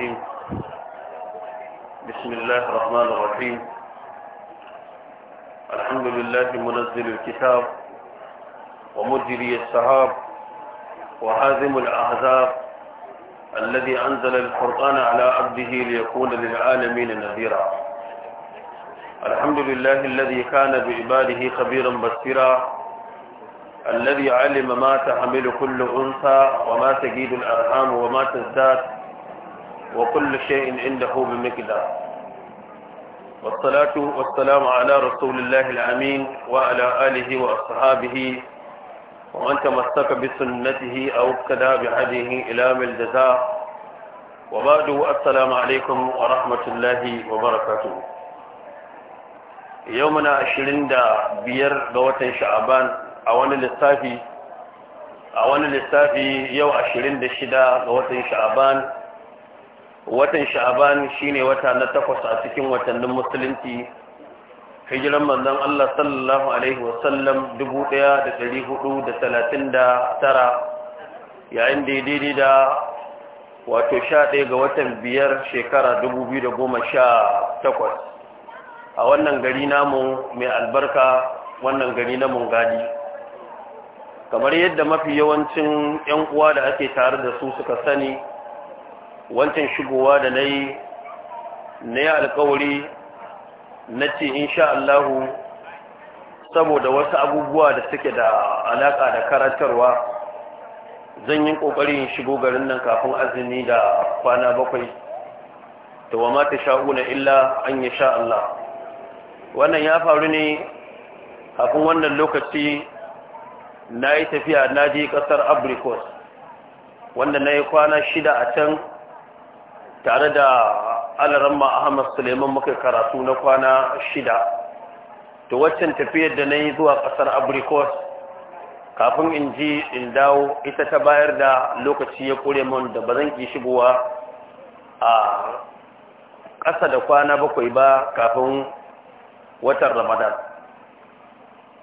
الرجيم بسم الله الرحمن الرحيم الحمد لله منزل الكتاب ومجري السحاب وهازم الأحزاب الذي أنزل القرآن على عبده ليكون للعالمين نذيرا الحمد لله الذي كان بعباده خبيرا بصيرا الذي علم ما تحمل كل أنثى وما تجيد الأرحام وما تزداد وكل شيء عنده بمقدار والصلاة والسلام على رسول الله الأمين وعلى آله وأصحابه ومن تمسك بسنته أو اقتدى بهديه إلى الجزاء وبعد السلام عليكم ورحمة الله وبركاته يومنا عشرين دا بير دوة شعبان أوان للسافي أوان للسافي يو عشرين دا شدا دوة شعبان watan sha'aban shine wata na takwas a cikin watannin musulunci hijiran manzon Allah sallallahu alaihi wa da 1439 yayin da daidai da wato 11 ga watan biyar shekara 2018 a wannan gari namu mai albarka wannan gari na gadi. kamar yadda mafi yawancin 'yan uwa da ake tare da su suka sani wancan shigowa da na yi na yi alkawari na ce insha Allahu saboda wasu abubuwa da suke da alaƙa da karatarwa zan yi in shigo garin nan kafin azumi da kwana bakwai da wa mata sha'una illa an yi sha Allah wannan ya faru ne kafin wannan lokaci na yi tafiya na je ƙasar abrikos wanda na yi kwana shida a can tare da alaramma ahmad suleiman muka karatu na kwana shida to waccan tafiyar da na yi zuwa kasar abrikos kafin in ji in dawo ita ta bayar da lokaci ya kure mun da ba zan ki shigowa a ƙasa da kwana bakwai ba kafin watan ramadan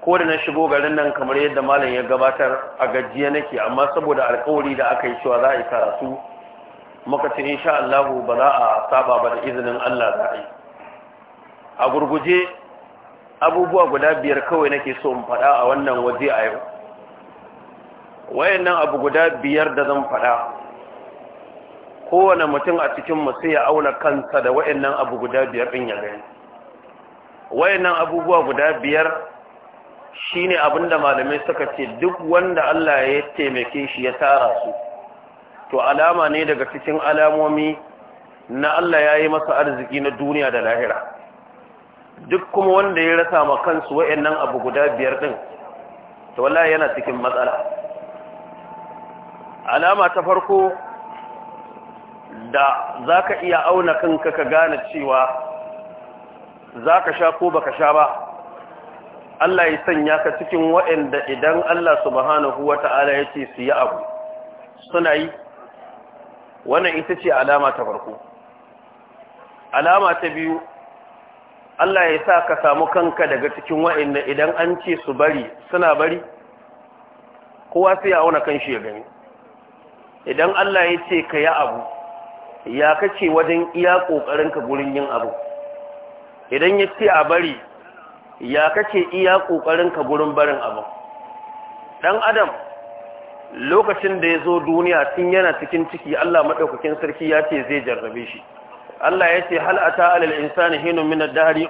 ko da na shigo garin nan kamar yadda malam ya gabatar a gajiya nake amma saboda alkawari da aka yi cewa za a yi karatu muka ce insha Allah ba za a saba ba da izinin Allah za a yi a gurguje abubuwa guda biyar kawai nake so in faɗa a wannan waje a yau wayannan abu guda biyar da zan faɗa kowane mutum a cikin sai ya auna kansa da wayannan abu guda biyar ɗin ya gani wayannan abubuwa guda biyar shine abinda malamai suka ce duk wanda Allah ya taimake shi ya tara su to alama ne daga cikin alamomi na Allah ya yi masa arziki na duniya da lahira duk kuma wanda ya rasa ma kansu wa'annan abu guda biyar ɗin, to wala yana cikin matsala alama ta farko da za ka iya auna kanka ka gane cewa za ka sha ko ba ka sha ba Allah ya sanya ka cikin wa'anda idan Allah subhanahu ya ce su yi abu suna yi wannan ita ce alama ta farko alama ta biyu Allah ya sa ka samu kanka daga cikin wa'inda idan an ce su bari suna bari kowa sai ya auna kanshi ya gani idan Allah ya ce ka yi abu ya kace wajen iya ƙoƙarinka gurin yin abu idan ya ce a bari ya kace iya ƙoƙarinka gurin barin abu Dan adam lokacin da ya zo duniya tun yana cikin ciki Allah maɗaukakin sarki ya ce zai jarrabe shi Allah ya ce hal ata alal insani hinu min ad-dahri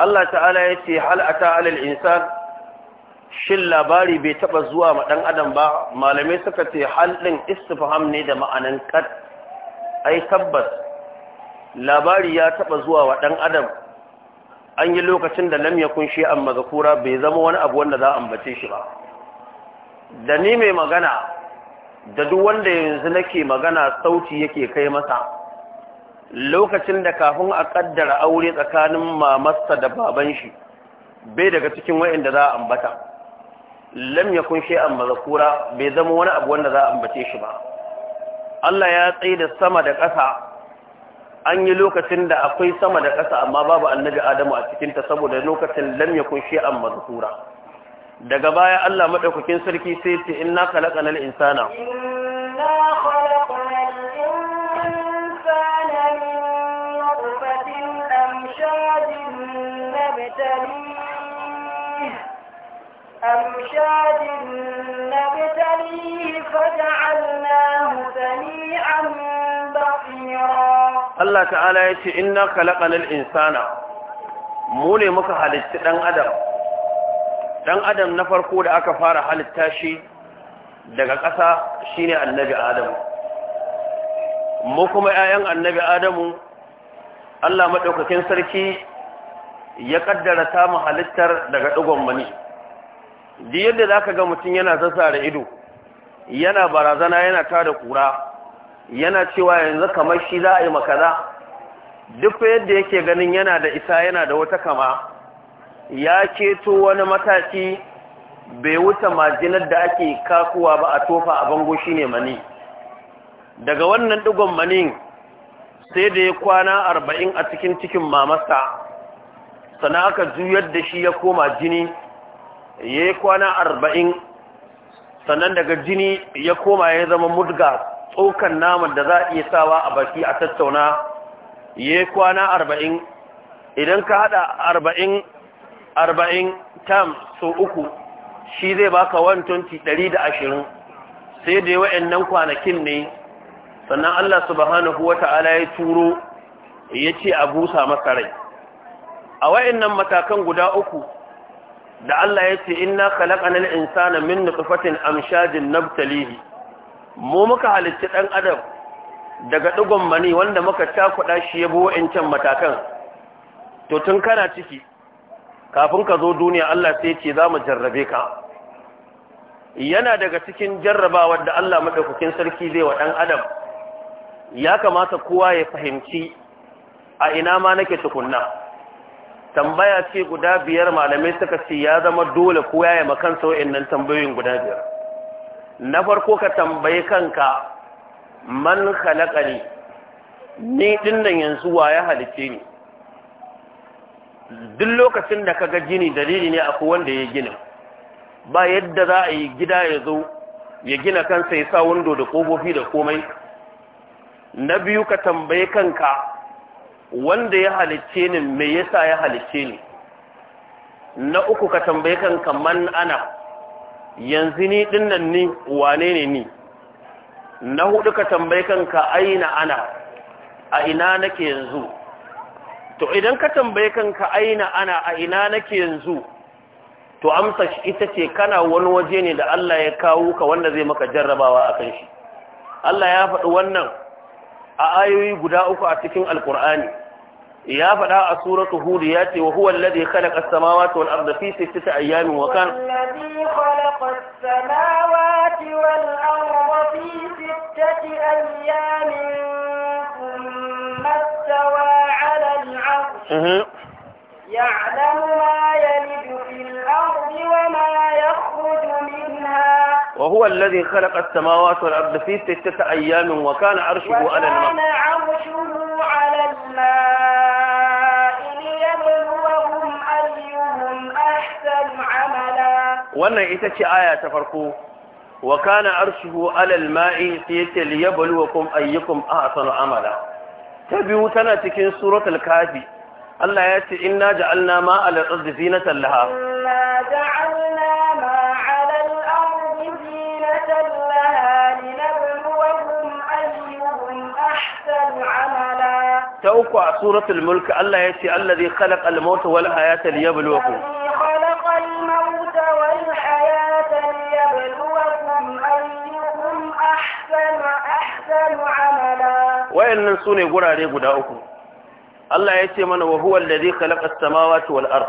Allah ta'ala على الإنسان حين من الدهر shin labari bai taba zuwa ma dan adam ba malamai suka ce hal din istifham ne da ma'anan kad ai tabbas labari ya taba zuwa wa dan adam an yi lokacin da lam yakun an mazkura bai zama wani abu wanda za a ambace shi ba da ni mai magana da duk wanda yanzu nake magana sauti yake kai masa lokacin da kafin a kaddara aure tsakanin mamarsa da baban shi bai daga cikin wa'inda za a ambata lam yakun shay'an mazkura bai zama wani abu wanda za a ambace shi ba Allah ya tsaye da sama da ƙasa an yi lokacin da akwai sama da ƙasa amma babu annabi Adamu a cikin ta saboda lokacin lam yakun shay'an mazkura daga baya Allah madaukakin sarki sai ya ce inna khalaqanal insana inna Allah ta'ala ya ce, Inna kalakalar insana, mu ne muka halitta ɗan Adam, ɗan Adam na farko da aka fara halitta shi daga ƙasa shi ne annabi Adamu. Mu kuma ‘ya’yan annabi Adamu, Allah maɗaukakin sarki ya ƙaddara samun halittar daga ɗigon mani. duk yadda za ka ga mutum yana da ido yana barazana yana tada kura yana cewa yanzu kamar shi za a yi makaza duk yadda yake ganin yana da isa yana da wata kama ya keto wani mataki bai wuta majinar da ake kakuwa ba a tofa a bango shi ne mani daga wannan digon mani sai da ya kwana arba'in a cikin cikin mamasta sana aka juyar da shi ya koma jini ya yi kwana arba'in sannan daga jini ya koma ya zama mudga tsokan naman da za a iya sawa a baki a tattauna ya yi kwana arba'in idan ka hada arba'in arba'in tam so uku shi zai baka 120 ɗari da ashirin sai da yawan nan kwanakin ne sannan Allah subhanahu wa ta'ala ya turo ya ce a busa masa rai a nan matakan guda uku da Allah ya ce inna khalaqanal insana min nutfatin amshajin nabtalihi mu muka halicci dan adam daga digon mani wanda muka takuda shi ya in wa'ancan matakan to tun kana ciki kafin ka zo duniya Allah sai ce za mu jarrabe ka yana daga cikin jarrabawar da Allah madaukakin sarki zai wa dan adam ya kamata kowa ya fahimci a ina ma nake tukunna tambaya ce guda biyar malamai suka ce ya zama dole ko ya yi kansa wa'annan tambayoyin guda biyar na farko ka tambayi kanka man khalaqa ni ni dinnan yanzu wa ya halice ni duk lokacin da ka ga gini dalili ne akwai wanda ya gina ba yadda za a yi gida ya zo ya gina kansa ya sa wando da kofofi da komai na biyu ka tambayi kanka wanda ya halicce ni me yasa ya halicce ni na uku ka tambaye kan man ana yanzu ni dinnan ni wane ne ni na hudu ka tambaye ka aina ana a ina nake yanzu to idan ka tambaye ka aina ana a ina nake yanzu to amsa ita ce kana wani waje ne da Allah ya kawo ka wanda zai maka jarrabawa a kan shi Allah ya faɗi wannan a ayoyi guda uku a cikin alkur'ani يا فدا سوره هود ياتي وهو الذي خلق السماوات والارض في سته ايام وكان الذي خلق السماوات والارض في سته ايام ثم استوى على العرش يعلم ما يلد في الارض وما يخرج منها وهو الذي خلق السماوات والأرض في ستة أيام وكان عرشه على الماء وكان عرشه على الماء ليبلوهم أيهم أحسن عملا وانا إتتي آية تفرقوا وكان عرشه على الماء سيتي ليبلوكم أيكم أحسن عملا تبيو تنا تكين سورة الكافي الله يأتي إنا جعلنا ماء الأرض زينة لها إنا جعلنا أحسن عملا توقع سورة الملك الله يأتي الذي خلق الموت والحياة ليبلوكم الذي خلق الموت والحياة ليبلوكم أيكم أحسن أحسن عملا وإن سوني قرى لي قداؤكم الله يأتي من وهو الذي خلق السماوات والأرض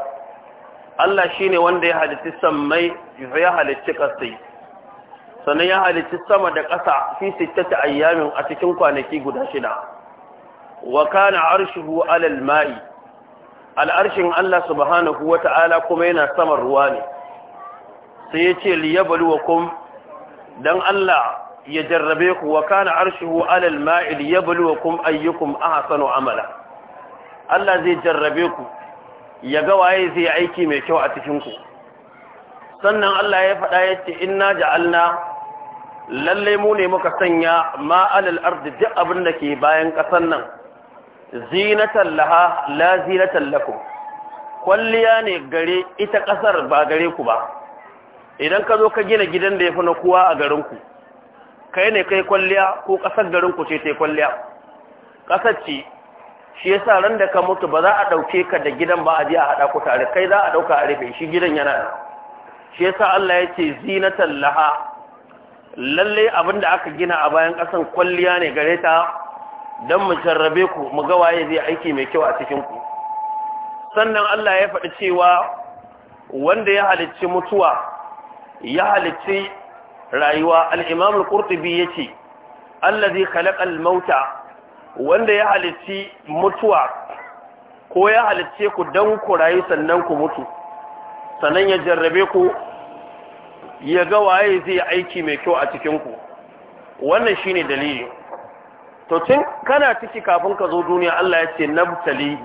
الله شيني وندي هذه السمي يحيى هذه الشقصي sannan ya halitta sama da ƙasa fi sittata ayyamin a cikin kwanaki guda shida wa kana arshuhu alal ma'i al'arshin Allah subhanahu wata'ala kuma yana saman ruwa ne sai yace liyabluwakum dan Allah ya jarrabe ku wa kana arshuhu alal ma'i liyabluwakum ayyukum ahsanu amala Allah zai jarrabe ku ya ga waye zai aiki mai kyau a cikin ku sannan Allah ya faɗa yace inna ja'alna lallai mu ne muka sanya ma'alal ardi duk abin da ke bayan ƙasar nan zinatan laha la zinatan lakum kwalliya ne gare ita ƙasar ba gare ku ba idan ka zo ka gina gidan da ya fi na kowa a garinku kai ne kai kwalliya ko ƙasar garinku ce ta kwalliya ƙasar ce shi ya sa ran da ka mutu ba za a ɗauke ka da gidan ba a je a haɗa ku tare kai za a ɗauka a rufe shi gidan yana shi ya sa Allah ya ce zinatan laha lalle abin da aka gina a bayan ƙasan kwalliya ne gare ta don mu jarrabe ku mu ga waye zai aiki mai kyau a cikin ku sannan Allah ya faɗi cewa wanda ya halicci mutuwa ya halicci rayuwa al-Imam al-Qurtubi yace allazi khalaqa al-mauta wanda ya halicci mutuwa ko ya halicce ku dan ku rayu sannan ku mutu sannan ya jarrabe ku ya ga waye zai aiki mai kyau a cikin ku wannan shine dalili to tun kana ciki kafin ka zo duniya Allah ya ce nabtali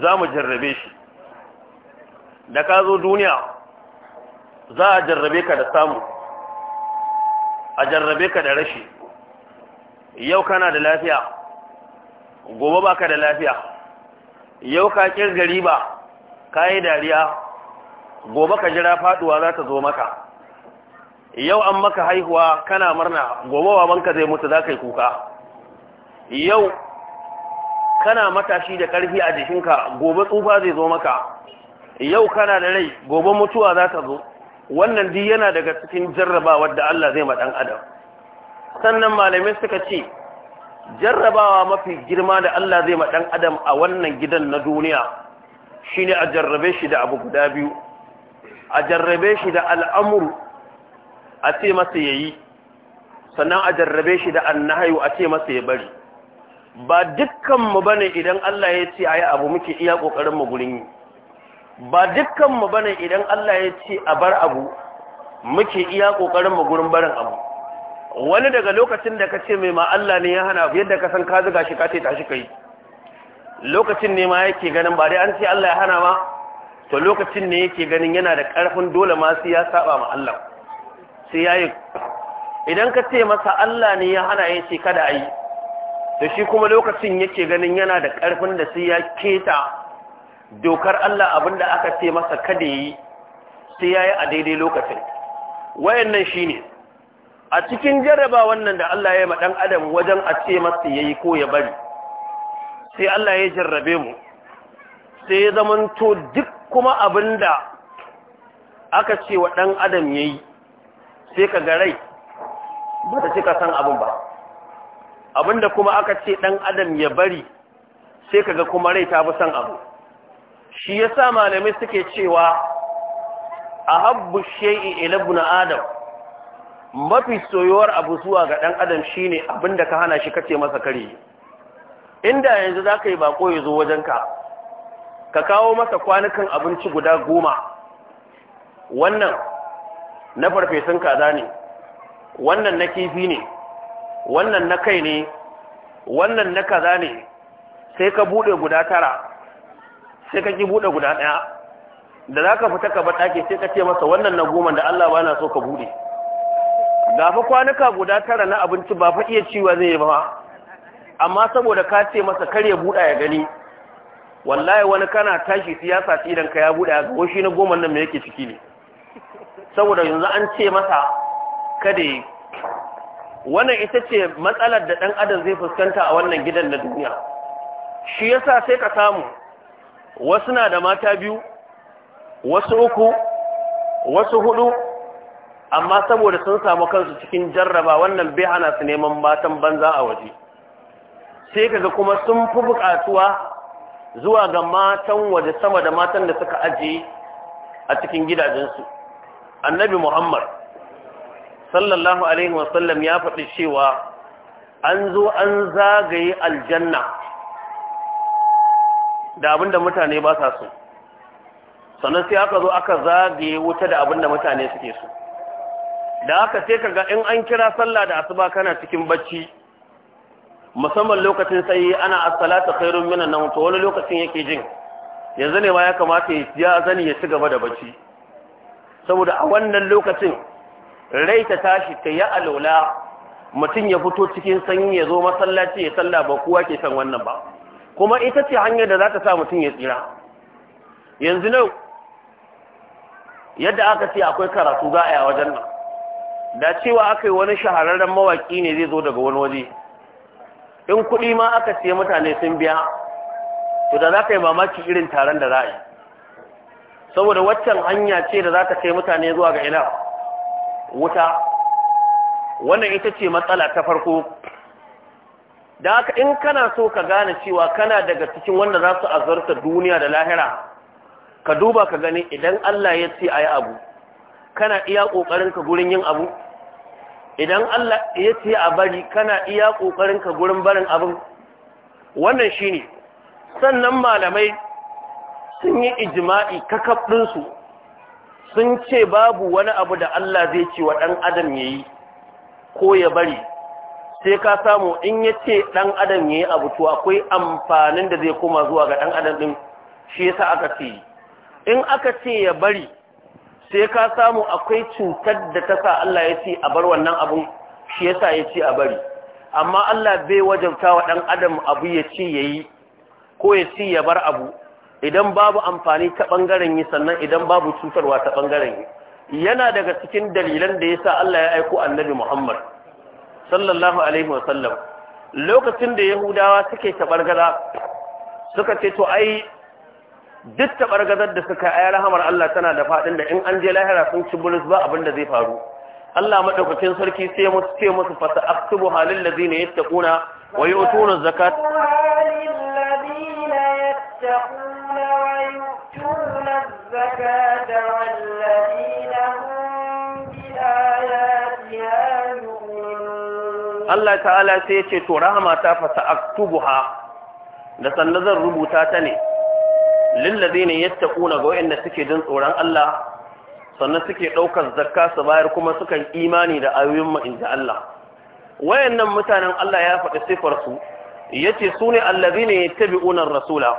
za mu jarrabe shi da ka zo duniya za a jarrabe ka da samu a jarrabe ka da rashi yau kana da lafiya gobe ba ka da lafiya yau ka kirgari ba ka yi dariya gobe ka jira faduwa za ta zo maka yau an maka haihuwa kana murna gobe manka zai mutu za ka yi kuka yau kana matashi da ƙarfi a jikinka gobe tsufa zai zo maka yau kana da rai gobe mutuwa za ta zo wannan duk yana daga cikin jarrabawar da Allah zai maɗan adam sannan malamai suka ce jarrabawa mafi girma da Allah zai maɗan adam a wannan gidan na duniya shine a jarrabe shi da abu guda biyu a jarrabe shi da al'amuru a ce masa ya yi sannan a jarrabe shi da annahayu a ce masa ya bari ba dukkanmu ba ne idan Allah ya ce a yi abu muke iya ƙoƙarinmu gurin yi ba dukkanmu ba ne idan Allah ya ce a bar abu muke iya ƙoƙarinmu gurin barin abu wani daga lokacin da ka ce mai ma Allah ne ya hana yadda ka san ka zuga shi ka ce tashi yi. lokacin ne ma yake ganin ba dai an ce Allah ya hana ma to lokacin ne yake ganin yana da ƙarfin dole ma sai ya saba ma Allah sai ya yi idan ka ce masa Allah ne ya hana ya shi kada a yi da shi kuma lokacin yake ganin yana da ƙarfin da sai ya keta dokar Allah abinda aka ce masa kada yi sai ya yi a daidai lokacin wayannan shi ne a cikin jarraba wannan da Allah ya yi maɗan adam wajen a ce masa ya yi ko ya bari sai Allah ya jarrabe mu sai ya zamanto duk kuma abin da aka ce wa ɗan adam ya yi sai ka ga rai ba ta cika san abin ba abinda kuma aka ce dan adam ya bari sai ka ga kuma rai ta fi san abu shi yasa malamai suke cewa ahabbu shay'i ila ibn adam mafi soyuwar abu zuwa ga dan adam shine abinda ka hana shi kace masa kare inda yanzu zaka yi bako ya zo wajenka ka kawo masa kwanukan abinci guda goma wannan na farfesun kaza ne wannan na kifi ne wannan na kai ne wannan na kaza ne sai ka bude guda tara sai ka ki bude guda daya da za ka fita ka ba ɗaki sai ka ce masa wannan na goma da Allah ba na so ka bude ga fa kwanuka guda tara na abinci ba fa iya ciwa zai yi ba amma saboda ka ce masa kar ya buɗa ya gani wallahi wani kana tashi siyasa tsidan ka ya buɗa ya ga shi na goma nan me yake ciki ne saboda yanzu an ce masa kada yi wannan ita ce matsalar da ɗan adam zai fuskanta a wannan gidan na duniya shi yasa sai ka samu wasu na da mata biyu wasu uku wasu hudu amma saboda sun samu kansu cikin jarraba wannan bai hana su neman matan banza a waje sai kaga kuma sun fi bukatuwa zuwa ga matan waje sama da matan da suka ajiye a cikin gidajensu annabi muhammad sallallahu alaihi wasallam ya faɗi cewa an zo an zagaye aljanna da abinda mutane ba sa so sannan sai aka zo aka zagaye wuta da abinda mutane suke so da aka sai kaga in an kira sallah da asuba kana cikin bacci musamman lokacin sai ana as-salatu khairun minan nawm wani lokacin yake jin yanzu ne ma ya kamata ya zani ya ci gaba da bacci saboda a wannan lokacin rai ta tashi ta yi alola mutum ya fito cikin sanyi ya zo masallaci ya salla ba kowa ke san wannan ba kuma ita ce hanyar da za ta sa mutum ya tsira yanzu nau yadda aka ce akwai karatu za a yi wajen nan da cewa aka yi wani shahararren mawaƙi ne zai zo daga wani waje in kuɗi ma aka ce mutane sun biya to da za ka yi mamaki irin taron da za a yi saboda waccan hanya ce da za ta kai mutane zuwa ga ina wuta wannan ita ce matsala ta farko da haka in kana so ka gane cewa kana daga cikin wanda za su azarta duniya da lahira ka duba ka gani idan Allah ya ce a abu kana iya ƙoƙarinka gurin yin abu idan Allah ya ce a bari kana iya ƙoƙarinka gurin barin abin wannan shi ne sannan malamai sun yi ijima'i kakaf ɗinsu sun ce babu wani abu da Allah zai ce wa ɗan adam ya yi ko ya bari sai ka samu in ya ce ɗan adam ya yi abu to akwai amfanin da zai koma zuwa ga ɗan adam ɗin shi yasa aka ce in aka ce ya bari sai ka samu akwai cutar da ta sa Allah ya ce a bar wannan abin shi yasa ya ce a bari amma Allah bai wajabta wa ɗan adam abu ya ce ya yi ko ya ce ya bar abu idan babu amfani ta ɓangaren yi sannan idan babu cutarwa ta ɓangaren yi yana daga cikin dalilan da ya sa Allah ya aiko annabi Muhammad sallallahu alaihi wasallam lokacin da yahudawa suke taɓargaza suka ce to ai duk taɓargazar da suka ayar rahamar Allah tana da faɗin da in an je lahira sun ci bulus ba abin da zai faru Allah madaukakin sarki sai musu ce musu fasa aktubu halin lazina yattaquna wa yu'tuna zakat zakat? الزكاة والذين هم بآياتها to الله ta سيشي ترحمة فسأكتبها da sannan zan rubuta ta ne lillazi ne yadda kuna ga wa'inda suke jin tsoron Allah sannan suke ɗaukar zakka su bayar kuma sukan imani da ayoyin ma'in da Allah wayannan mutanen Allah ya faɗi sifarsu ya ce su ne allazi ne ya tabi unar rasula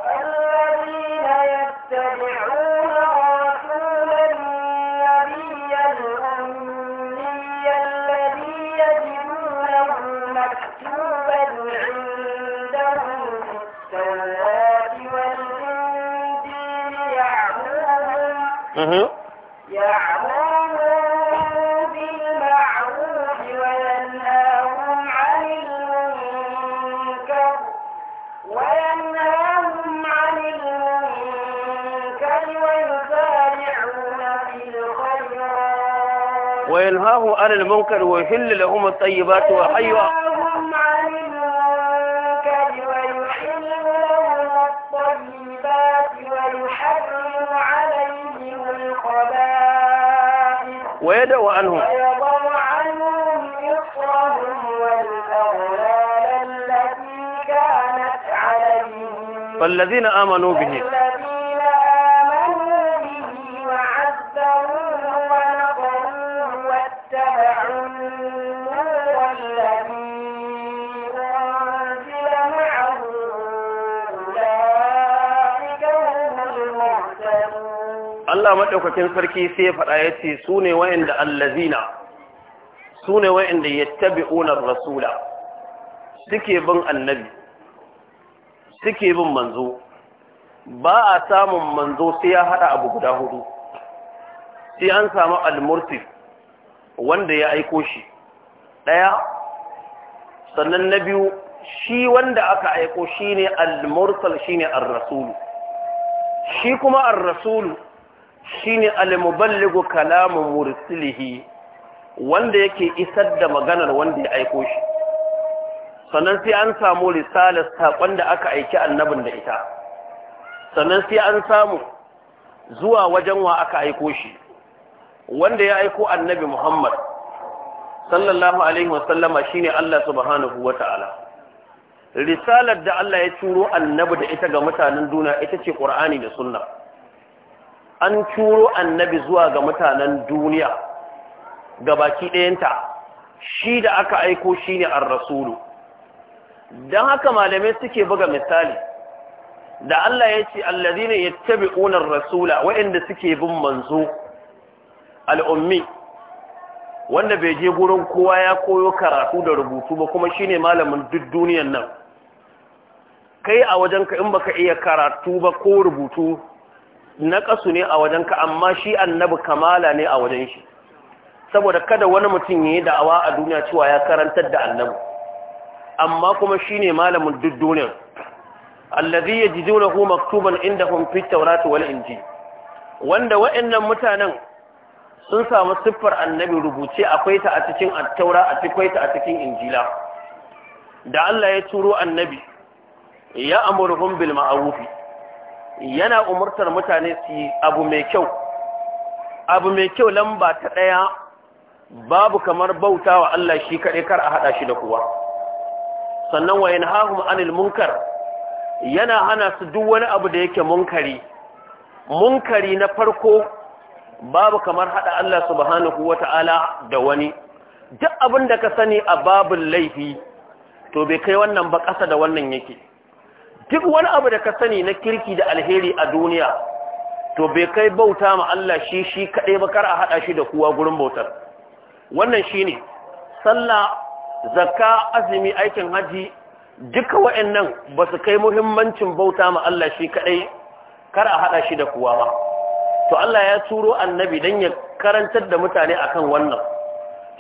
وينهاهم عن المنكر ويحل لهم الطيبات وحيوا ويدعو عنهم ويضع عنهم إصرهم والأغلال التي كانت عليهم فالذين آمنوا به Allah maɗaukakin sarki sai ya faɗa ya ce su ne wa'inda allazina su ne wa'inda ya tabi unar rasula suke bin annabi suke bin manzo ba a samun manzo sai ya haɗa abu guda hudu sai an samu almursi wanda ya aiko shi ɗaya sannan na biyu shi wanda aka aiko shi ne almurtal shi ne arrasulu shi kuma arrasulu shine al-muballighu kalamu mursilihi wanda yake isar da maganar wanda ya aiko shi sannan sai an samu risalar ta da aka aiki annabin da ita sannan sai an samu zuwa wajen wa aka aiko shi wanda ya aiko annabi Muhammad sallallahu alaihi wasallama shine Allah subhanahu wataala risalar da Allah ya turo annabi da ita ga mutanen duniya ita ce Qur'ani da Sunna an turo annabi zuwa ga mutanen duniya ga baki ɗayanta shi da aka aiko shi ne an rasulu don haka malamai suke buga misali da Allah ya ce allazi ne ya tabi ƙunar rasula waɗanda suke bin manzo al'ummi wanda bai je gurin kowa ya koyo karatu da rubutu ba kuma shi ne malamin duk duniyan nan kai a wajenka in baka iya karatu ba ko rubutu naƙasu ne a wajenka amma shi annabi kamala ne a wajen shi saboda kada wani mutum ya yi da'awa a duniya cewa ya karantar da annabi amma kuma shi ne malamin duk duniyar allazi ya ji zunahu maktuban inda hun fi tauratu wani inji wanda wa'annan mutanen sun samu siffar annabi rubuce akwai ta a cikin attaura cikin ta a cikin injila da Allah ya turo annabi ya Bilma bil ma'rufi yana umurtar mutane su yi abu mai kyau abu mai kyau lamba ta ɗaya babu kamar bauta wa Allah shi kaɗai kar a haɗa shi da kuwa sannan wa yanhahum anil munkar yana hana su duk wani abu da yake munkari munkari na farko babu kamar haɗa Allah subhanahu Ta'ala da wani duk abin da ka sani a babin laifi to bai kai wannan ba ƙasa da wannan yake duk wani abu da ka sani na kirki da alheri a duniya to bai kai bauta ma Allah shi shi kaɗai ba kar a haɗa shi da kuwa gurin bautar wannan shi ne sallah zakka azumi aikin haji duka waɗannan ba su kai muhimmancin bauta ma Allah shi kaɗai kar a haɗa shi da kuwa ba to Allah ya turo annabi dan ya karantar da mutane akan wannan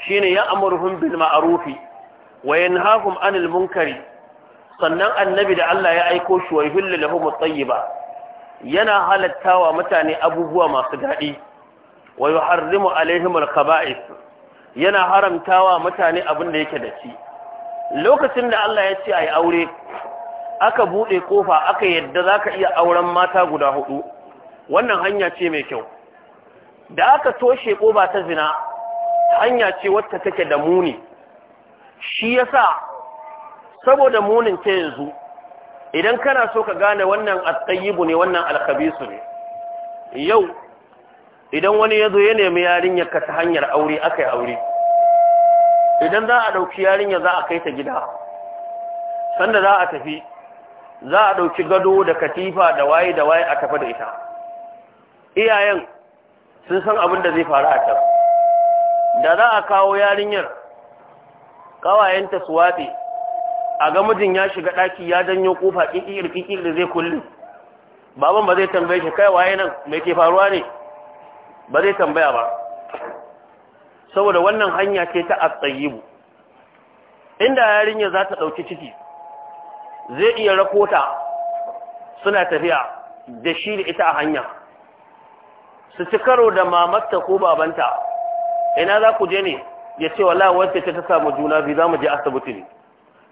shine ya amurhum bil ma'rufi wa yanhahum anil munkari sannan annabi da Allah ya aiko shi wa yuhillu lahum at-tayyiba yana halattawa mutane abubuwa masu daɗi wa yuharrimu alaihim al-khaba'ith yana haramtawa mutane abin da yake da shi lokacin da Allah ya ce ai aure aka bude kofa aka yadda zaka iya auren mata guda hudu wannan hanya ce mai kyau da aka toshe koba ta zina hanya ce wacce take da muni shi yasa saboda munin ta yanzu idan kana so ka gane wannan at ne wannan al ne yau idan wani ya zo ya nemi yarinyar ka ta hanyar aure aka yi aure idan za a ɗauki yarinya za a kai ta gida sanda za a tafi za a ɗauki gado da katifa da waye da waye a tafi da ita iyayen sun san abin da zai faru a can da za a kawo yarinyar kawayenta su waɗe a ga mijin ya shiga ɗaki ya janyo kofa kikir kikir da zai kulle baban ba zai tambaye shi kai waye nan mai ke faruwa ne ba zai tambaya ba saboda wannan hanya ce ta atsayibu inda yarinya za ta ɗauki ciki zai iya rakota suna tafiya da shi da ita a hanya su ci karo da mamatta ko babanta ina za ku je ne ya ce wala wacce ta samu juna biyu za mu je asibiti ne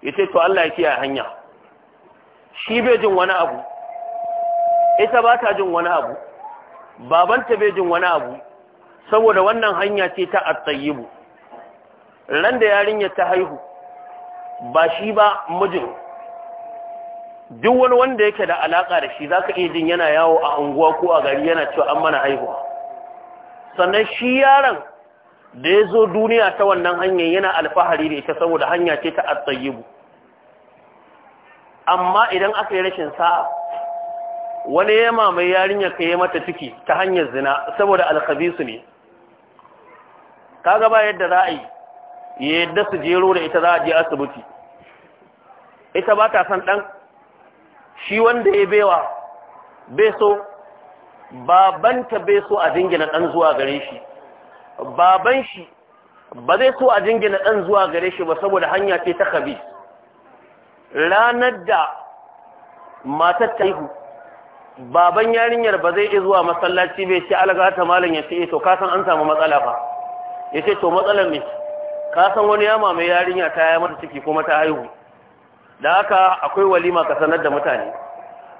ya ce to Allah ya a hanya shi bai jin wani abu ita ba ta jin wani abu babanta bai jin wani abu saboda wannan hanya ce ta attayibu ran da yarinyar ta haihu ba shi ba mijin duk wani wanda yake da alaka da shi zaka iya jin yana yawo a unguwa ko a gari yana cewa an mana haihuwa sannan shi yaron da ya zo duniya ta wannan hanyar yana alfahari da ta saboda hanya ce ta atsayibu amma idan aka yi rashin sa'a wani ya mamaye yarinyar ka yi mata ciki ta hanyar zina saboda alkhabisu ne kaga gaba yadda za a yi yadda su jero da ita za a je asibiti ita ba ta san ɗan shi wanda ya bewa beso so babanta bai so a dingina ɗan zuwa gare shi baban shi ba zai so a jingina ɗan zuwa gare shi ba saboda hanya ce ta kabi ranar da matar ta baban yarinyar ba zai zuwa masallaci bai ce algata malam ya ce eh, to ka san an samu matsala ba, ya ce to matsalar ne ka wani ya mamaye yarinya ta ya mata ciki kuma ta haihu da haka akwai walima ka sanar da mutane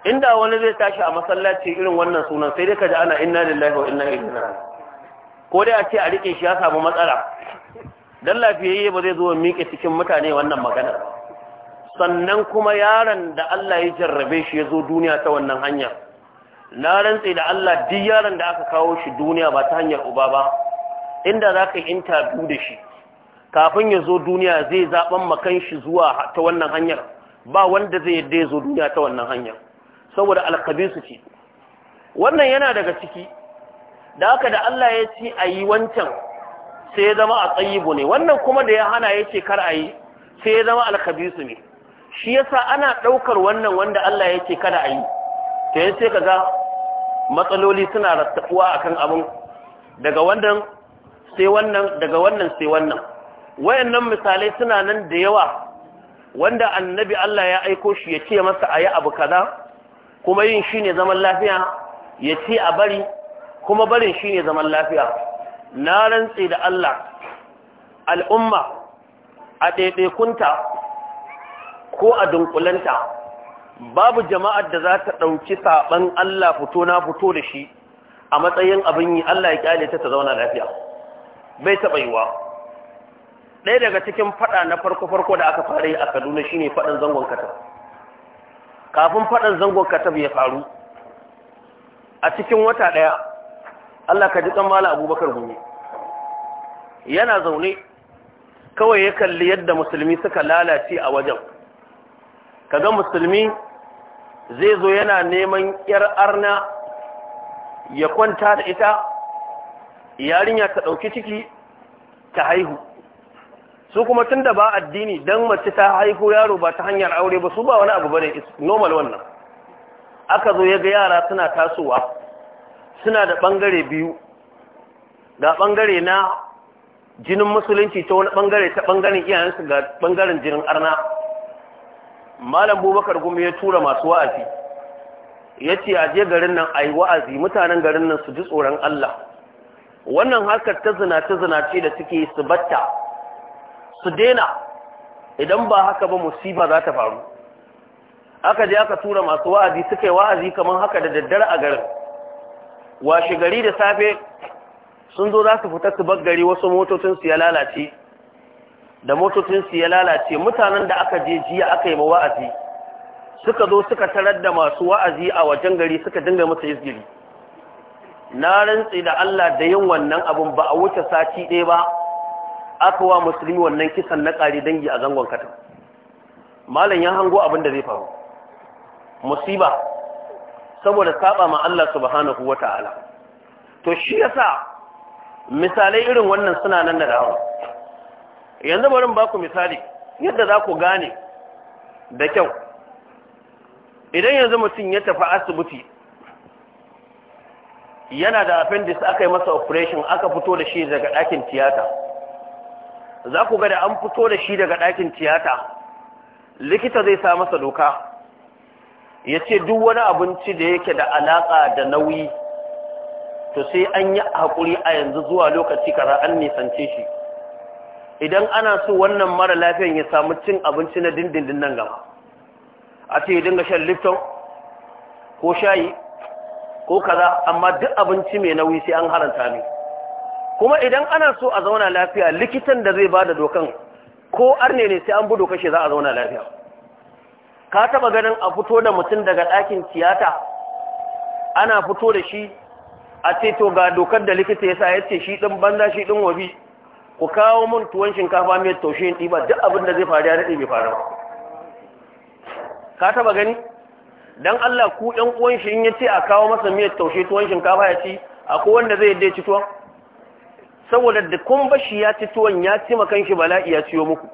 inda wani zai tashi a masallaci irin wannan sunan sai dai ka ji ana inna lillahi wa inna ilaihi raji'un ko dai a ce a rike shi ya samu matsala dan lafiyayye ba zai zo miƙe cikin mutane wannan magana sannan kuma yaron da Allah ya jarrabe shi ya zo duniya ta wannan hanya na rantse da Allah duk yaron da aka kawo shi duniya ba ta hanyar uba ba inda za ka yi interview da shi kafin ya zo duniya zai zaɓen makan shi zuwa ta wannan hanyar ba wanda zai yadda ya zo duniya ta wannan hanyar saboda alkabisu ce wannan yana daga ciki da haka da Allah ya ci a yi wancan sai ya zama a tsayibu ne wannan kuma da ya hana ya ce kar a yi sai ya zama alkabisu ne shi yasa ana ɗaukar wannan wanda Allah ya ce kada a yi ta yin sai kaga matsaloli suna rattafuwa akan abin daga wannan sai wannan daga wannan sai wannan wayannan misalai suna nan da yawa wanda annabi Allah ya aiko shi ya ce masa a yi abu kaza kuma yin shi ne zaman lafiya ya ce a bari kuma barin shi ne zaman lafiya na rantse da Allah al'umma a ɗaiɗaikunta ko a dunkulanta babu jama'ar da za ta ɗauki saɓan Allah fito na fito da shi a matsayin abin yi Allah ya ƙyale ta ta zauna lafiya bai taɓa yiwa ɗaya daga cikin faɗa na farko-farko da aka fara yi a kaduna shi ne faɗin zangon katab kafin faɗin zangon katab ya faru a cikin wata ɗaya Allah ka ji kan mala abubakar gumi yana zaune kawai ya kalli yadda musulmi suka lalace a wajen kaga musulmi zai zo yana neman yar arna ya kwanta da ita yarinya ta ɗauki ciki ta haihu su kuma tun da ba addini don mace ta haihu yaro ba ta hanyar aure ba su ba wani abu bane normal wannan aka zo ya ga yara suna tasowa suna da ɓangare biyu ga ɓangare na jinin musulunci ta wani ɓangare ta ɓangaren iyayensu ga ɓangaren jinin arna malam bubakar gumi ya tura masu wa'azi ya ce a je garin nan a yi wa'azi mutanen garin nan su ji tsoron allah wannan harkar ta zina ta zina ce da suke su batta su daina idan ba haka ba musiba za ta faru aka je aka tura masu wa'azi suka yi wa'azi kamar haka da daddare a garin washe gari da safe sun zo za su fita su bar gari wasu motocinsu ya lalace da motocinsu ya lalace mutanen da aka je jiya aka yi ma wa'azi suka zo suka tarar da masu wa'azi a wajen gari suka dinga musu izgiri na rantsi da Allah da yin wannan abun ba a wuce sati ɗaya ba aka wa musulmi wannan kisan na ƙari dangi a zangon katon malam ya hango abin da zai faru musiba saboda saba ma Allah subhanahu wa ta'ala to shi yasa misalai irin wannan suna nan da dawo yanzu barin ba ku misali yadda za ku gane da kyau idan yanzu mutum ya tafi asibiti yana da appendix aka yi masa operation aka fito da shi daga ɗakin tiyata za ku ga da an fito da shi daga ɗakin tiyata likita zai sa masa doka ya ce duk wani abinci da yake da alaƙa da nauyi to sai an yi haƙuri a yanzu zuwa lokaci kara an nisance shi idan ana so wannan mara lafiyan ya samu cin abinci na dindindin nan gaba a ce dinga shan lifton ko shayi ko kaza amma duk abinci mai nauyi sai an haranta ne kuma idan ana so a zauna lafiya likitan da zai ba da dokan ko arne ne sai an bi kashe za a zauna lafiya ka taba ganin a fito da mutum daga ɗakin tiyata ana fito da shi a ce to ga dokar da likita ya sa ya ce shi ɗin banza shi ɗin wabi ku kawo mun tuwon shinkafa mai taushe ɗi ba duk abin da zai faru ya daɗe mai faru ka taba gani don Allah ku ɗan uwan shi in ya ce a kawo masa miyar taushe tuwon shinkafa ya ci a wanda zai yadda ya ci tuwon saboda da kun bashi ya ci tuwon ya ci makan shi bala'i ya ciyo muku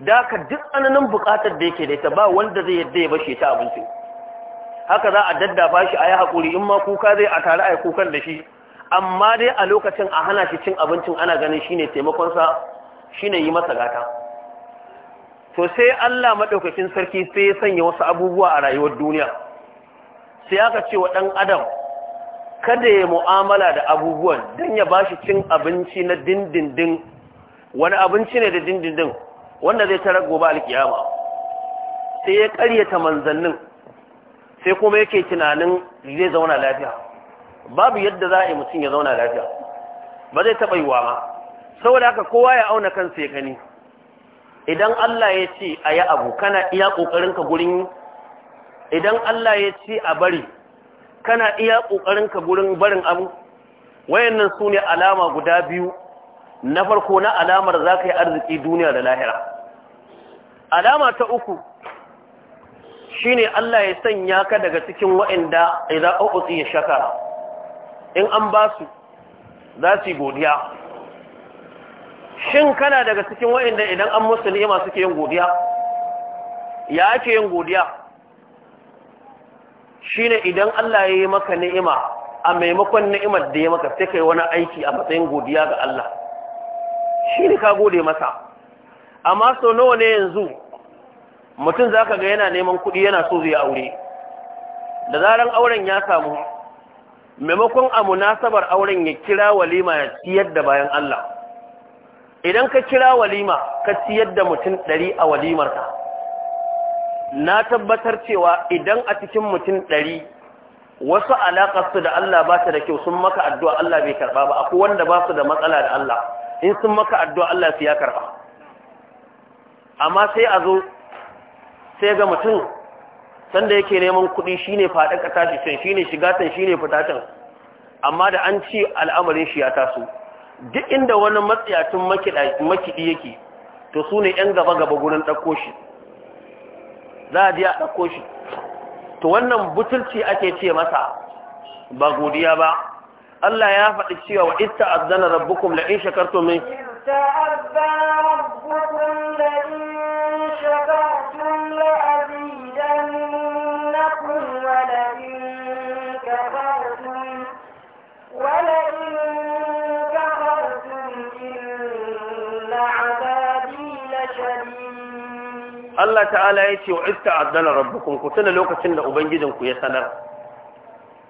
da ka duk tsananin buƙatar da yake da ita ba wanda zai yadda ya bashe ta abinci haka za a daddafa shi a yi haƙuri in ma kuka zai a tare a yi kukan da shi amma dai a lokacin a hana shi cin abincin ana ganin shi ne taimakonsa shi ne yi masa gata to sai allah maɗaukacin sarki sai ya sanya wasu abubuwa a rayuwar duniya sai aka ce wa ɗan adam kada ya mu'amala da abubuwan don ya ba shi cin abinci na dindindin wani abinci ne da dindindin wanda zai tarar gobe alkiyama sai ya karyata manzannin sai kuma yake tunanin zai zauna lafiya babu yadda za a yi mutum ya zauna lafiya ba zai taɓa yi wa ma saboda haka kowa ya auna kansa ya gani idan Allah ya ce a yi abu kana iya ƙoƙarinka gurin yi idan Allah ya ce a bari kana iya ƙoƙarinka gurin barin abu wayannan su ne alama guda biyu na farko na alamar za ka yi arziki duniya da lahira alama ta uku shine Allah ya sanya ka daga cikin waɗanda idza uqti ya shakara in an ba su za su godiya shin kana daga cikin waɗanda idan an musu ni'ima suke yin godiya ya ake yin godiya shine idan Allah ya yi maka ni'ima a maimakon ni'imar da ya maka sai kai wani aiki a matsayin godiya ga Allah shine ka gode masa amma so nawa ne yanzu mutum za ka ga yana neman kuɗi yana so zai aure da zaran auren ya samu maimakon a munasabar auren ya kira walima ya ciyar da bayan Allah idan ka kira walima ka ciyar da mutum ɗari a walimarka na tabbatar cewa idan a cikin mutum ɗari wasu alaƙarsu da Allah ba su da kyau sun maka addu'a Allah bai karɓa ba akwai wanda ba su da matsala da Allah in sun maka addu'a Allah su ya karɓa amma sai a zo sai ga mutum sanda yake neman kuɗi shine faɗaka ƙasa shi can shine shiga can shine fita can amma da an ci al'amarin shi ya taso duk inda wani matsiyacin makiɗi yake to su ne 'yan gaba-gaba gudun ɗauko shi za a biya a ɗauko shi to wannan butulci ake ce masa ba godiya ba Allah ya faɗi cewa itta azana rabbukum la in shakartum min Allah ta'ala ya ce wa iska addana rabbukum ku tuna lokacin da ubangijinku ya sanar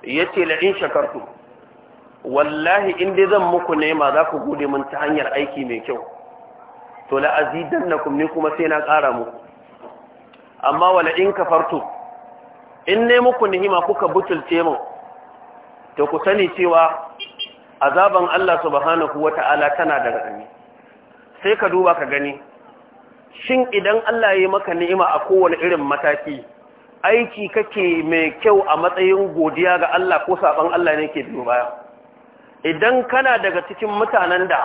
ya ce la in shakartu wallahi in dai zan muku nema za ku gode mun ta hanyar aiki mai kyau to la azidannakum ni kuma sai na ƙara muku amma wala in kafartu in ne muku nihima kuka butulce mu to ku sani cewa azaban Allah subhanahu wata'ala tana da rami sai ka duba ka gani shin idan Allah ya yi maka ni'ima a kowane irin mataki aiki kake mai kyau a matsayin godiya ga Allah ko saban Allah ne ke biyo baya idan kana daga cikin mutanen da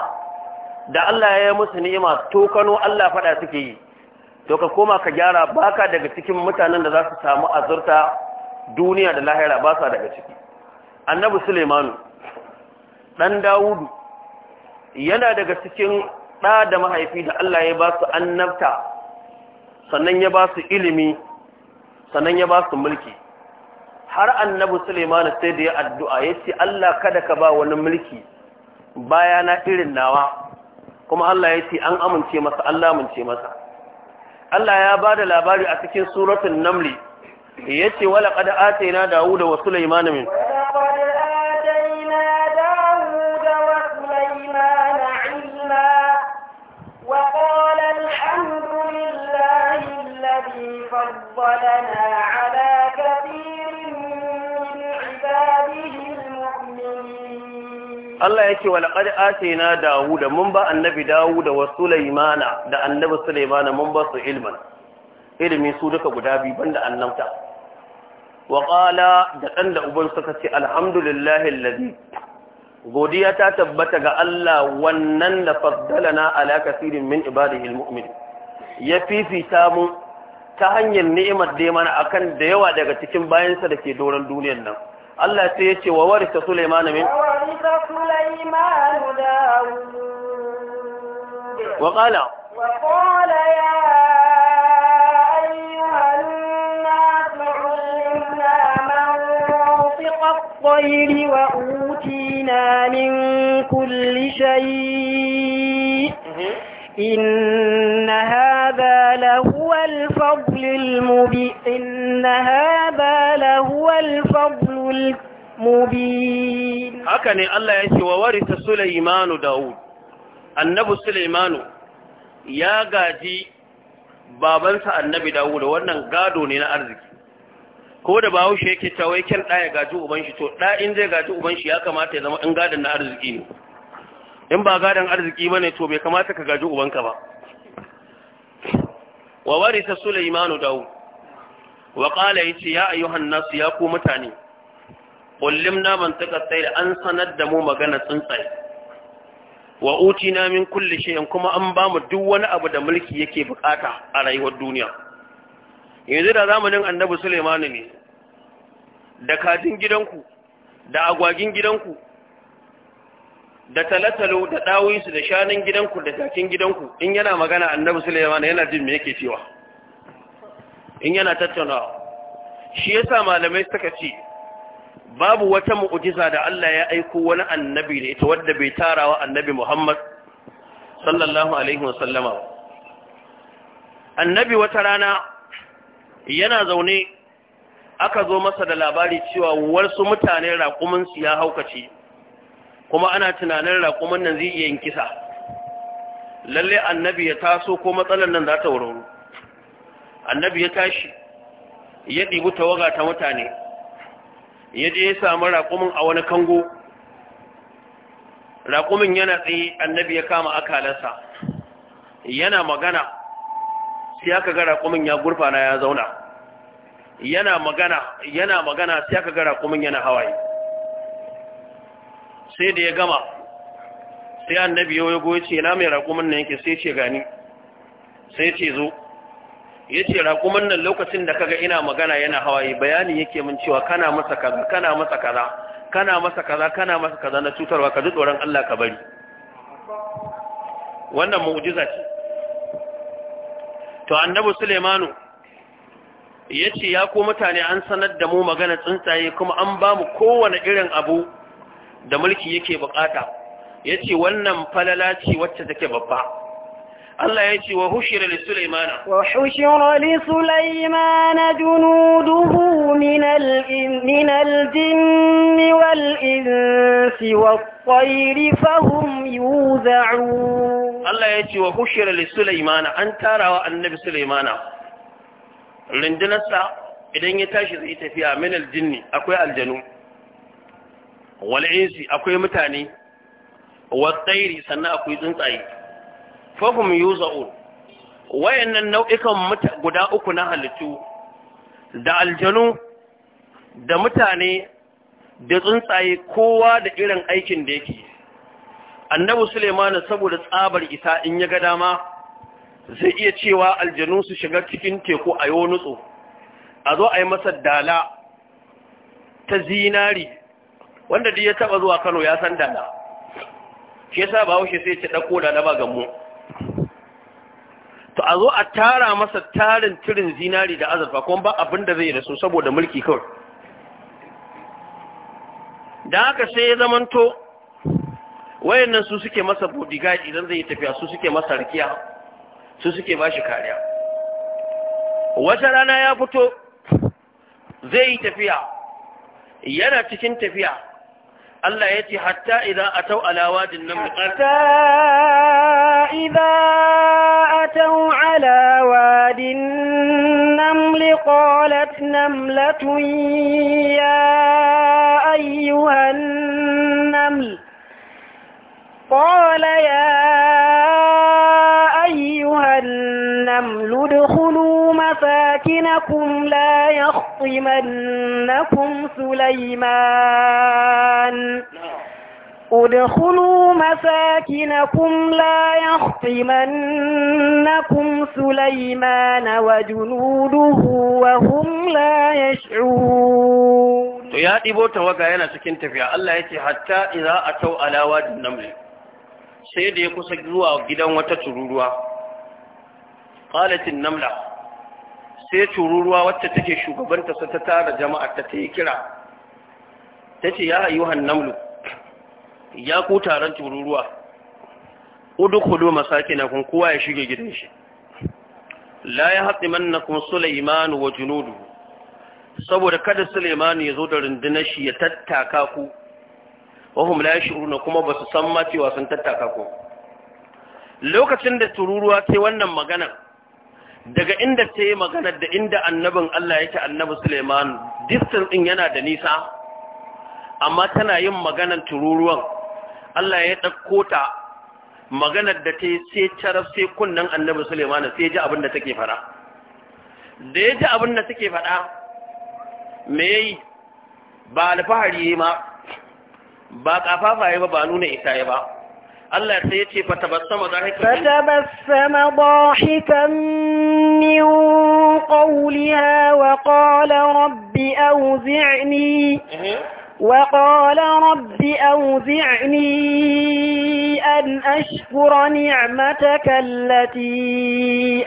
da Allah ya yi musu ni'ima to kano Allah faɗa suke yi to ka koma ka gyara baka daga cikin mutanen da za su samu azurta duniya da lahira ba sa daga ciki annabi Suleimanu dan Dawudu yana daga cikin ɗa da mahaifi da Allah ya ba su annabta sannan ya ba su ilimi sannan ya ba su mulki har annabu Suleiman sai da ya addu'a ya ce Allah kada ka ba wani mulki baya na irin nawa kuma Allah ya ce an amince masa Allah amince masa Allah ya ba da labari a cikin suratun namli ya ce wala kada atena dawuda wa Suleiman min فضلنا على كثير من عباده المؤمنين الله يكي ولقد آتينا داود من با النبي داود وسليمان دا النبي سليمان من با علما ilimi su duka guda biyu banda annabta wa qala da dan da uban suka ce alhamdulillahi allazi godiya ta tabbata ga Allah wannan da faddalana ala kasirin min ibadihi almu'min ya fifita mun. ta hanyar ni'imar da mana akan da yawa daga cikin bayansa da ke doron duniyar nan Allah sai ya ce wa warisa Sulaiman min wa qala wa qala ya ayyuhan nas ulimna mantiqa at wa kulli إن هذا لهو الفضل المبين إن هذا لهو الفضل المبين هكذا الله يشي وورث سليمان داود النبي سليمان babansa annabi Dawud wannan gado ne na arziki ko da bawo shi yake cewa yake ɗaya gaji uban shi to ɗa in zai gaji uban shi ya kamata ya zama in gadon na arziki ne in ba gadon arziki ba ne to bai kamata ka gaji ubanka ba wa warisa sulaimanu dawo wa qala yace ya ayyuhan nas ya ku mutane ullimna man taqatta da an sanar da mu magana tsuntsaye wa utina min kulli shay'in kuma an ba mu duk wani abu da mulki yake bukata a rayuwar duniya yanzu da zamanin annabi sulaimanu ne da kajin gidanku da agwagin gidanku da talatalo da ɗawisu da shanun gidanku da takin gidanku in yana magana annabi Sulaiman yana jin me yake cewa in yana tattaunawa shi yasa malamai suka ce babu wata mu'jiza da Allah ya aiko wani annabi da ita wadda bai tarawa annabi Muhammad sallallahu alaihi wasallama annabi wata rana yana zaune aka zo masa da labari cewa wasu mutane su ya haukace kuma ana tunanin raƙuman nan zai iya yin kisa lalle annabi ya taso ko matsalar nan za ta wururu annabi ya tashi ya ɗibu tawaga ta mutane ya je ya samu raƙumin a wani kango raƙumin yana tsaye annabi ya kama akalarsa yana magana sai aka ga raƙumin ya gurfana ya zauna yana magana yana magana sai aka ga raƙumin yana hawaye sai da ya gama sai annabi yau ya goyi ce na mai raƙumin nan yake sai ce gani sai ce zo ya ce raƙumin nan lokacin da kaga ina magana yana hawaye bayani yake min cewa kana masa kaza kana masa kaza kana masa kaza kana masa kaza na cutarwa ka ji tsoron Allah ka bari wannan mu'jiza ce to annabi Sulaimanu ya ce ya ko mutane an sanar da mu magana tsuntsaye kuma an ba mu kowane irin abu da mulki yake bukata yace wannan falala ce wacce take babba Allah ya ce wa hushira li Sulaimana wa hushira li Sulaimana junuduhu min al-min al-jinni wal insi wat-tayri fahum Allah ya ce wa hushira li Sulaimana an tarawa annabi Sulaimana rindinarsa idan ya tashi zai tafiya min al akwai aljanu wal akwai mutane wa sannan akwai tsuntsaye fahum yuza'un wayannan nau'ikan guda uku na halittu da aljanu da mutane da tsuntsaye kowa da irin aikin da yake annabi Suleimanu saboda tsabar isa in ya ga dama zai iya cewa aljanu su shiga cikin teku a yau a zo a yi masa dala ta zinari wanda duk ya taba zuwa Kano ya san dala shi yasa ba haushe sai ya ci dako na ba mu? to a zo a tara masa tarin tirin zinari da azurfa kuma ba abin da zai da su saboda mulki kawai da haka sai ya zamanto wayannan su suke masa bodyguard idan zai tafiya su suke masa rikiya su suke ba shi kariya wata rana ya fito zai yi tafiya yana cikin tafiya الله يتي حتى إذا أتوا على واد النمل حتى إذا أتوا على واد النمل قالت نملة يا أيها النمل قال يا أيها النمل ادخلوا مساكنكم لا يخطمنكم سليمان ادخلوا مساكنكم لا يخطمنكم سليمان وجنوده وهم لا يشعرون to ya ɗibo tawaga yana cikin tafiya Allah ya ce hatta idza atau ala wadin naml sai da ya kusa zuwa gidan wata tururuwa qalatin namla sai tururuwa wacce take shugabanta sa ta tara jama'ar ta yi kira tace ya ayyuhan namlu ya ku taron tururuwa udkhulu kun kowa ya shige gidan shi la yahtimannakum sulaiman wa junudu saboda kada sulaiman ya zo da rundunar shi ya tattaka ku wahum la yashuruna kuma basu san ma cewa sun tattaka ko lokacin da tururuwa ce wannan magana daga inda ta yi magana da inda annabin Allah yake annabi Sulaiman distance din yana da nisa amma tana yin maganar tururuwan Allah ya ɗauko ta maganar da ta sai sai kunnen annabi Sulaiman sai ji abin da take fara da ya abin da take faɗa, me yayi ba alfahari ma ba kafafa ya ba ba nuna isa ya ba Allah sai ya ce fatabassama dahikan fatabassama dahikan min qawliha wa qala rabbi awzi'ni وقال رب أوزعني أن أشكر نعمتك التي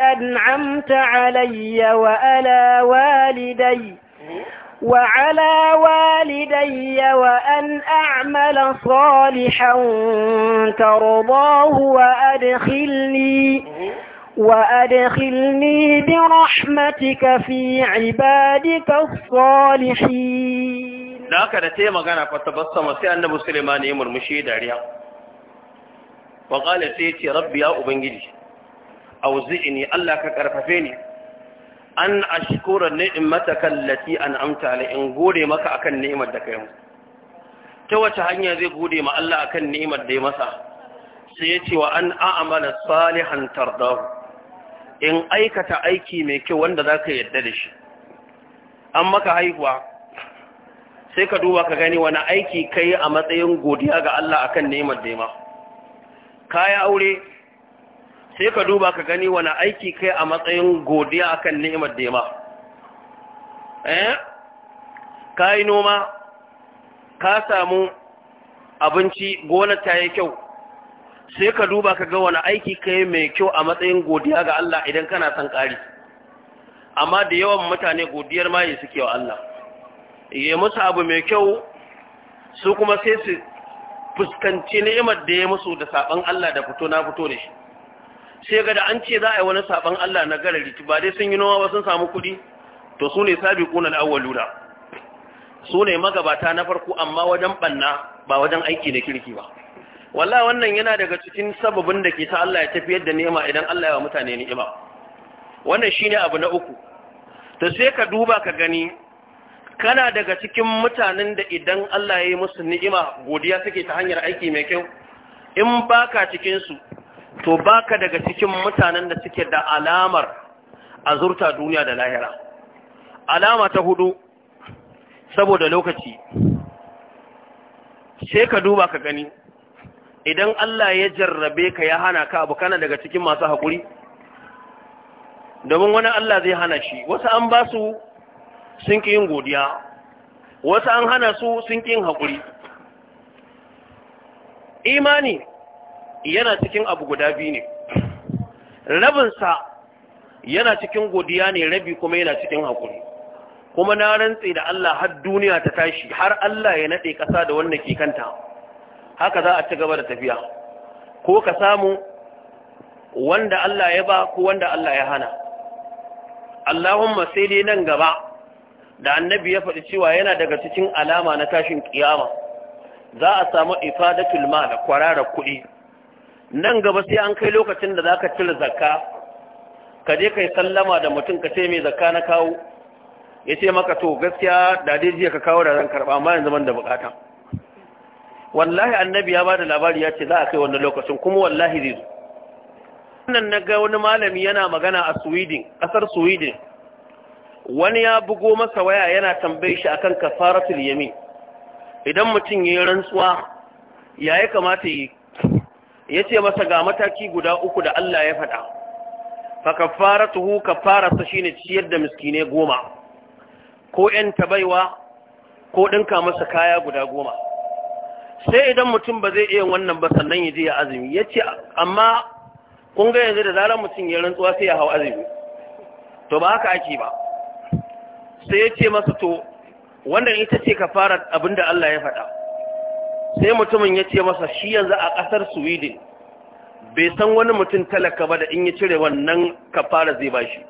أنعمت علي وألا والدي وعلى والدي وأن أعمل صالحا ترضاه وأدخلني وأدخلني برحمتك في عبادك الصالحين da haka da ta yi magana fatabassama sai annabi Suleiman ya murmushi dariya wa qala sai ya ce rabbi Allah ka karfafe an ashkura ni'mataka allati an'amta alai in gode maka akan ni'imar da kai masa ta wace hanya zai gode ma Allah akan ni'imar da ya masa sai ya ce wa an a'amala salihan tardahu in aikata aiki mai kyau wanda zaka yadda da shi an maka haihuwa sai ka duba ka gani wani aiki kai a matsayin godiya ga Allah akan ni'imar da ya masa kaya aure sai ka duba ka gani wani aiki kai a matsayin godiya akan ni'imar da ma eh ka yi noma ka samu abinci gona ta yi kyau sai ka duba ka ga wani aiki kai mai kyau a matsayin godiya ga Allah idan kana son ƙari amma da yawan mutane godiyar ma yi suke wa Allah yi musu abu mai kyau su kuma sai su fuskanci ni'imar da ya musu da saɓan Allah da fito na fito da shi sai ga da an ce za a yi wani sabon Allah na garari ba dai sun yi noma ba sun samu kuɗi to su ne sabi al-awwaluna su ne magabata na farko amma wajen banna ba wajen aiki na kirki ba walla wannan yana daga cikin sababin da ke sa Allah ya tafiyar da nema idan Allah ya wa mutane ni'ima wannan shine abu na uku to sai ka duba ka gani kana daga cikin mutanen da idan Allah ya yi musu ni'ima godiya suke ta hanyar aiki mai kyau in baka cikin su to baka daga cikin mutanen da suke da alamar azurta duniya da lahira alama ta hudu saboda lokaci sai ka duba ka gani idan Allah ya jarrabe ka ya hana ka abu kana daga cikin masu haƙuri domin wani Allah zai hana shi wasu an ba su sun ƙi yin godiya wasu an hana su sun ƙi yin haƙuri imani yana cikin abu guda biyu ne rabinsa yana cikin godiya ne rabi kuma yana cikin haƙuri kuma na rantse da Allah har duniya ta tashi har Allah ya naɗe ƙasa da wanda ke kanta haka za a ci gaba da tafiya ko ka samu wanda Allah ya ba ko wanda Allah ya hana Allahumma sai dai nan gaba da annabi ya faɗi cewa yana daga cikin alama na tashin kiyama za a samu ifadatul mal kwararar kuɗi nan gaba sai an kai lokacin da za ka cire zakka ka je kai sallama da mutum ka ce mai zakka na kawo ya ce maka to gaskiya da dai jiya ka kawo da zan karɓa amma yanzu ban da bukata wallahi annabi ya ba da labari ya ce za a kai wannan lokacin kuma wallahi zai zo wannan na ga wani malami yana magana a sweden ƙasar sweden wani ya bugo masa waya yana tambaye shi akan kafaratul yamin idan mutum ya yi rantsuwa ya yi kamata yi ya ce masa ga mataki guda uku da Allah ya faɗa fa kafaratuhu kafararsa shine ciyar da miskine goma ko ƴan tabaiwa ko ɗinka masa kaya guda goma sai idan mutum ba zai iya wannan ba sannan ya je ya azumi ya ce amma kun ga yanzu da zarar mutum ya rantsuwa sai ya hau azumi to ba haka ake ba sai ya ce masa to wannan ita ce kafarar abin da Allah ya faɗa sai mutumin ya ce masa shi yanzu a ƙasar sweden bai san wani mutum talaka ba da in ya cire wannan kafara zai ba shi.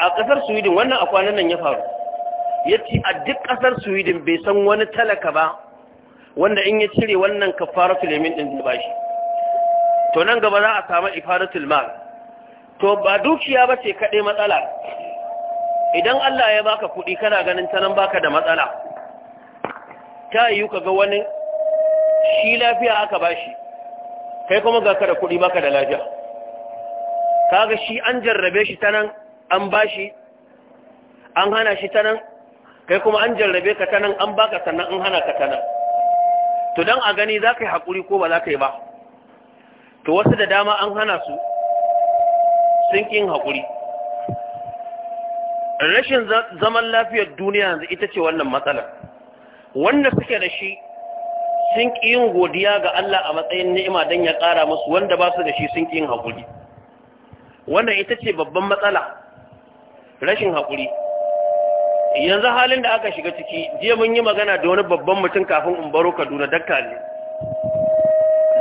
a ƙasar sweden wannan a kwanan nan ya faru ya ce a duk ƙasar sweden bai san wani talaka ba wanda in ya cire wannan kafara filimin ɗin zai ba shi. to nan gaba za a samu ifar to ba dukiya ba ce kaɗai matsala idan Allah ya baka kuɗi kana ganin ta nan baka da matsala ta yiwu ka ga wani shi lafiya aka bashi kai kuma ga ka da kuɗi maka da lafiya kaga shi an jarrabe shi ta nan an bashi an hana shi ta nan kai kuma an jarrabe ka ta nan an baka sannan an hana ka ta nan to don a gani za ka yi haƙuri ko ba za ka yi ba to wasu da dama an hana su sun ƙin haƙuri rashin zaman lafiyar duniya yanzu ita ce wannan matsalar wanda suke da shi sun ƙi yin godiya ga Allah a matsayin ni'ima don ya ƙara musu wanda ba su da shi sun ƙi yin haƙuri wannan ita ce babban matsala rashin haƙuri yanzu halin da aka shiga ciki jiya mun yi magana da wani babban mutum kafin in baro kaduna dakka ne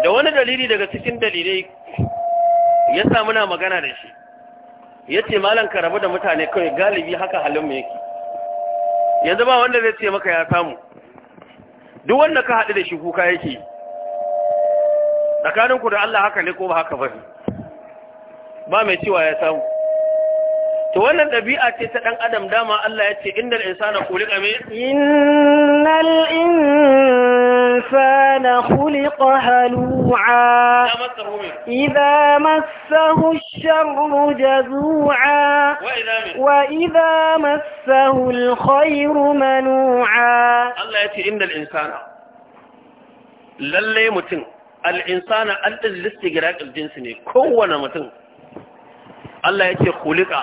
da wani dalili daga cikin dalilai ya sa muna magana da shi ya ce malam ka rabu da mutane kawai galibi haka halin mu yake yanzu ba wanda zai ce maka ya samu duk wanda ka haɗu da shi kuka yake tsakaninku da Allah haka ne ko ba haka bane ba mai cewa ya samu to wannan ɗabi'a ce ta ɗan adam dama Allah ya ce innal insana khuliqa min innal insana الإنسان خلق هلوعا إذا مسه الشر جزوعا وإذا مسه الخير منوعا الله يأتي إن الإنسان للي متن الإنسان أنت الاستقراق الجنسي كون متن الله يأتي خلق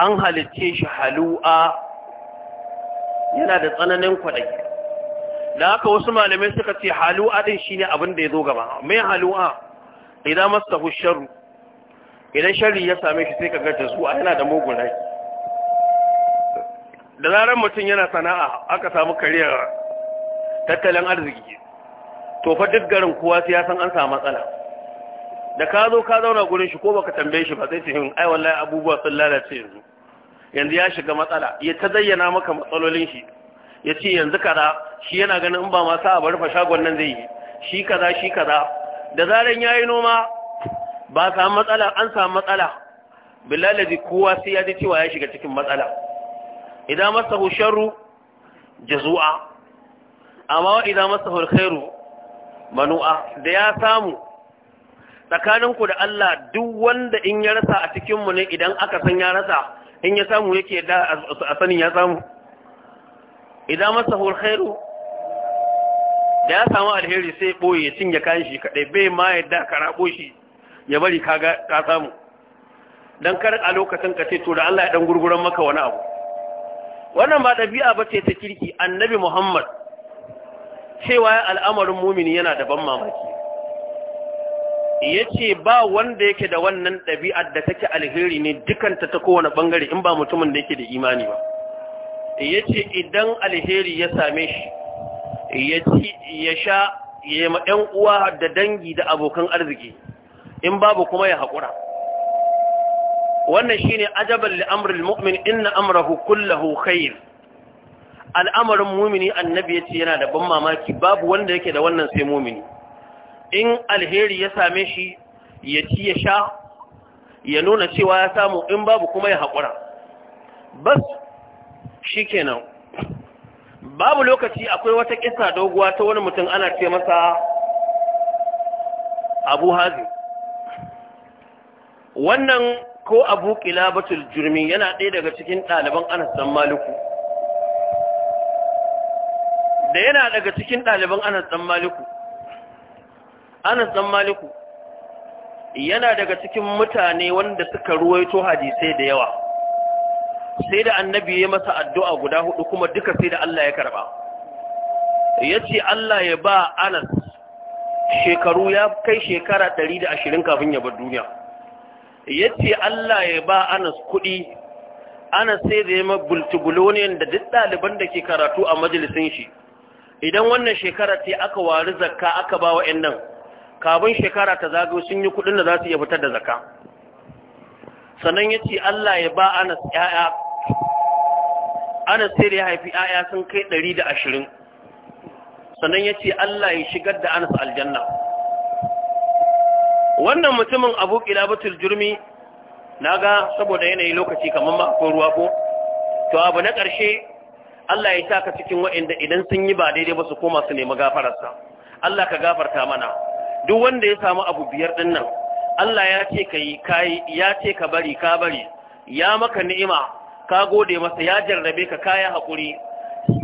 أنها لتيش هلوعا yana da tsananin kwaɗayi da haka wasu malamai suka ce halu'a din shine abin da ya zo gaba mai halu'a idan masahu sharu. idan sharri ya same shi sai ka ga a yana da mugun rai da zarar mutum yana sana'a aka samu kariyar tattalin arziki to fa duk garin kowa sai ya san an samu matsala da ka zo ka zauna gurin shi ko baka tambaye shi ba sai ce ai wallahi abubuwa sun lalace yanzu yanzu ya shiga matsala ya ta zayyana maka matsalolin shi ya ce yanzu kaza shi yana ganin in ba ma sa a bar shagon nan zai yi shi kaza shi kaza da ya yi noma ba samu matsala an samu matsala bilalazi kowa sai ya ji cewa ya shiga cikin matsala idan masahu sharru jazu'a amma wa idan masa hulkairu manu'a da ya samu tsakaninku da Allah duk wanda in ya rasa a cikinmu ne idan aka san ya rasa in ya samu yake da a sanin ya samu idan masa khairu da ya samu alheri sai boye ya cinye kayan shi kadai bai ma yadda ka rabo shi ya bari kaga ka samu dan kar a lokacin ka ce to da Allah ya dan gurguran maka wani abu wannan ba dabi'a bace ta kirki annabi Muhammad cewa al'amarin mumini yana da ban mamaki yace ba wanda yake da wannan dabi'ar da take alheri ne dukanta ta kowane bangare in ba mutumin da yake da imani ba ya ce idan alheri ya same shi ya sha ya ma ‘yan uwa da dangi da abokan arziki in babu kuma ya haƙura wannan shi ne ajabar li'amurin mu'min inna amurahu kullahu khair al'amarin mumini annabi ya ce yana da ban mamaki babu wanda yake da wannan sai mumini in alheri ya same shi ya ci ya sha ya nuna cewa ya samu in babu kuma ya haƙura Shi nan. babu lokaci akwai wata kisa doguwa ta wani mutum ana ce masa abu hazi wannan ko abu kilabatul jirmi yana ɗaya daga cikin ɗaliban anas dan da yana daga cikin ɗaliban anas dan maliku anas yana daga cikin mutane wanda suka ruwaito hadisai da yawa sai da annabi ya masa addu'a guda hudu kuma duka sai da Allah ya karba ya ce Allah ya ba anas shekaru ya kai shekara 120 kafin ya bar duniya ya ce Allah ya ba anas kuɗi anas sai da ya ma bultubuloniyan da duk ɗaliban da ke karatu a majalisin shi idan wannan shekara ce aka wari zakka aka ba wa nan kafin shekara ta zagayo sun yi kuɗin da za su iya fitar da zakka sannan ya ce Allah ya ba anas ‘ya'ya anas sai da ya haifi 'ya'ya sun kai ɗari da ashirin sannan ya ce Allah ya shigar da anas aljanna wannan mutumin abu ƙilabatul jirmi na ga saboda yanayi lokaci kamar ma ruwa ko to abu na ƙarshe Allah ya taka cikin waɗanda idan sun yi ba daidai ba su koma su nemi gafararsa Allah ka gafarta mana duk wanda ya samu abu biyar ɗin nan Allah ya ce ka yi ya ce ka bari ka bari ya maka ni'ima ka gode masa ya jarrabe ka kaya hakuri,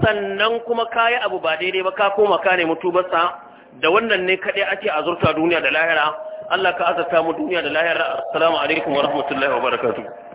sannan kuma kaya abu ba daidai ba ka koma ka nemi tubarsa da wannan ne kaɗai ake azurta duniya da lahira Allah ka azurta mu duniya da lahira assalamu alaikum wa rahmatullahi wa barakatuh